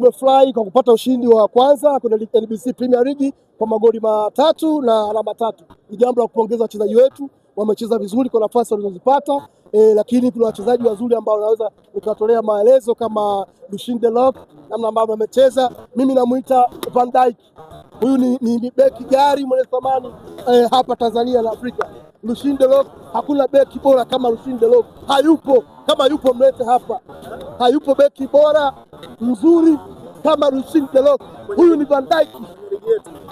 tumefurahi kwa kupata ushindi wa kwanza kwenye NBC Premier League kwa magoli matatu na alama tatu. Ni jambo la kupongeza wachezaji wetu, wamecheza vizuri kwa nafasi walizozipata. E, lakini kuna wachezaji wazuri ambao naweza nikatolea maelezo kama Lushin Delort, namna ambavyo amecheza. Mimi namuita Van Dijk Huyu ni, ni, ni beki gari mwenye thamani eh, hapa Tanzania na Afrika. Lushin Delok, hakuna beki bora kama Lushin Delok, hayupo. Kama yupo mlete hapa, hayupo beki bora mzuri kama Lushin Delok. Huyu ni Van Dijk,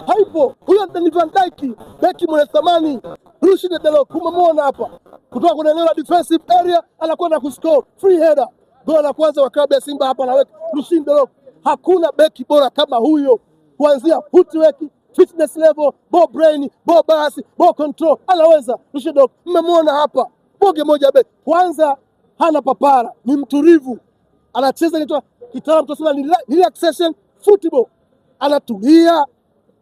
haipo. Huyu ni Van Dijk, beki mwenye thamani. Lushin Delok umemwona hapa, kutoka kwenye eneo la defensive area anakwenda kuscore free header, goal la kwanza wa klabu ya Simba hapa anaweka Lushin Delok. Hakuna beki bora kama huyo kuanzia footwork, fitness level, ball brain, ball balance, ball control, anaweza Lushidok. Mmemwona hapa boge moja be, kwanza hana papara, ni mtulivu, anacheza inaitwa kitaalamu tunasema ni relaxation football, anatulia,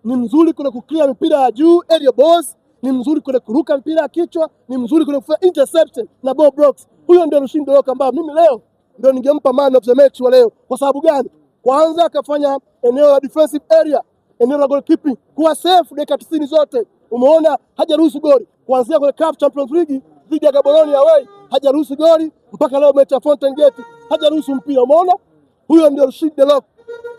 ni mzuri kwenye kuclear mipira ya juu aerial balls, ni mzuri kwenye kuruka mpira ya kichwa, ni mzuri kwenye kufanya interception na ball blocks. Huyo ndio Lushidok ambayo mimi leo ndio ningempa man of the match wa leo. Kwa sababu gani? Kwanza akafanya eneo la defensive area, eneo la goalkeeping kuwa safe dakika tisini zote. Umeona hajaruhusu goli kuanzia kwenye CAF Champions League dhidi ya Gaborone away, hajaruhusu goli mpaka leo mechi ya Fountain Gate hajaruhusu mpira. Umeona huyo ndio Rashid Delok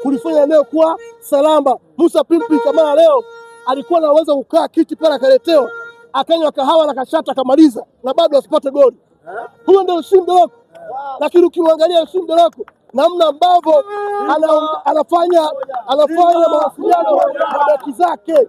kulifanya eneo kuwa salamba. Musa Pimpi kama leo alikuwa anaweza kukaa kiti pale, akaletewa akanywa kahawa na kashata akamaliza na bado asipate goli. Huyo ndio Rashid Delok, lakini ukiangalia Rashid Delok namna ambavyo anafanya anafanya mawasiliano na beki zake,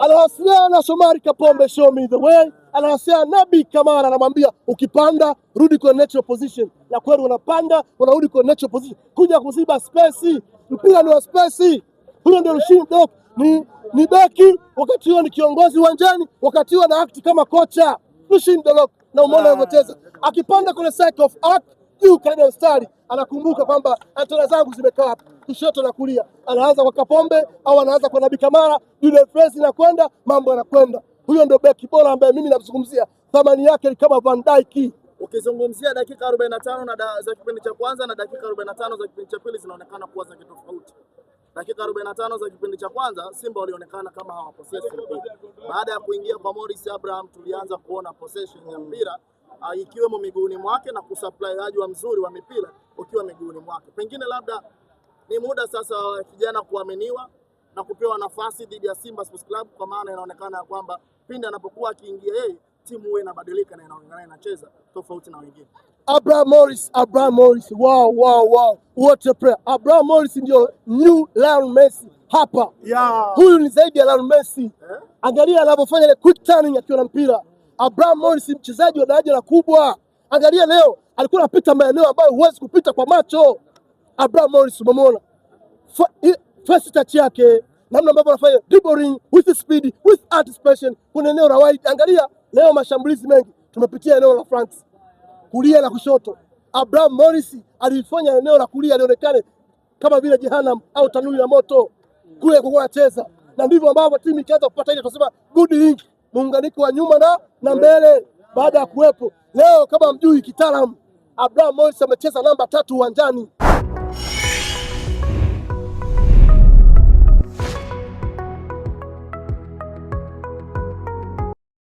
anawasiliana na Shomari Kapombe, show me the way, anawasiliana Nabi Kamara, anamwambia ukipanda rudi kwa natural position, na kweli unapanda unarudi kwa natural position, kuja kuziba space. Mpira ni wa space, huyo ndio Dok, Ni ni beki, wakati huo ni kiongozi uwanjani, wakati huo na act kama kocha. Dok, na umeona anavyocheza ah. akipanda kwenye cycle of act juu karibu mstari, anakumbuka kwamba antena zangu zimekaa hapa kushoto na kulia. Anaanza kwa Kapombe au anaanza kwa Nabi Kamara, yule Press inakwenda, mambo yanakwenda. Huyo ndio beki bora ambaye mimi namzungumzia, thamani yake ni kama Van Dijk. Ukizungumzia dakika 45 na da, za kipindi cha kwanza na dakika 45 za kipindi cha pili zinaonekana kuwa za kitofauti. Dakika 45 za kipindi cha kwanza Simba walionekana kama hawaposesi. Baada ya kuingia kwa Morris Abraham tulianza kuona possession ya mpira Ah, ikiwemo miguuni mwake na kusupply kusuplaiaji wa mzuri wa mipira ukiwa miguuni mwake. Pengine labda ni muda sasa wa kijana kuaminiwa na kupewa nafasi dhidi ya Simba Sports Club, kwa maana inaonekana ya kwamba pindi anapokuwa akiingia yeye timu huwa inabadilika na inaonekana inacheza tofauti na wengine. Abraham Morris, Abraham Morris, wow, wow, wow. What a prayer. Abraham Morris ndio new Lionel Messi hapa, yeah. Huyu ni zaidi ya Lionel Messi eh? Angalia anavyofanya ile quick turning akiwa na mpira Mm. Abraham Mondi si mchezaji wa daraja la kubwa. Angalia leo alikuwa anapita maeneo ambayo huwezi kupita kwa macho. Abraham Mondi umemwona first touch yake, namna ambavyo anafanya dribbling with speed with anticipation, kuna eneo la wide. Angalia leo mashambulizi mengi tumepitia eneo la France kulia na kushoto. Abraham Morris alifanya eneo la kulia lionekane kama vile jehanam au tanuri la moto kule kwa anacheza, na ndivyo ambavyo timu ikaanza kupata ile tunasema good link muunganiko wa nyuma na na mbele baada ya kuwepo leo, kama mjui kitaalamu, Abraham Morris amecheza namba tatu uwanjani.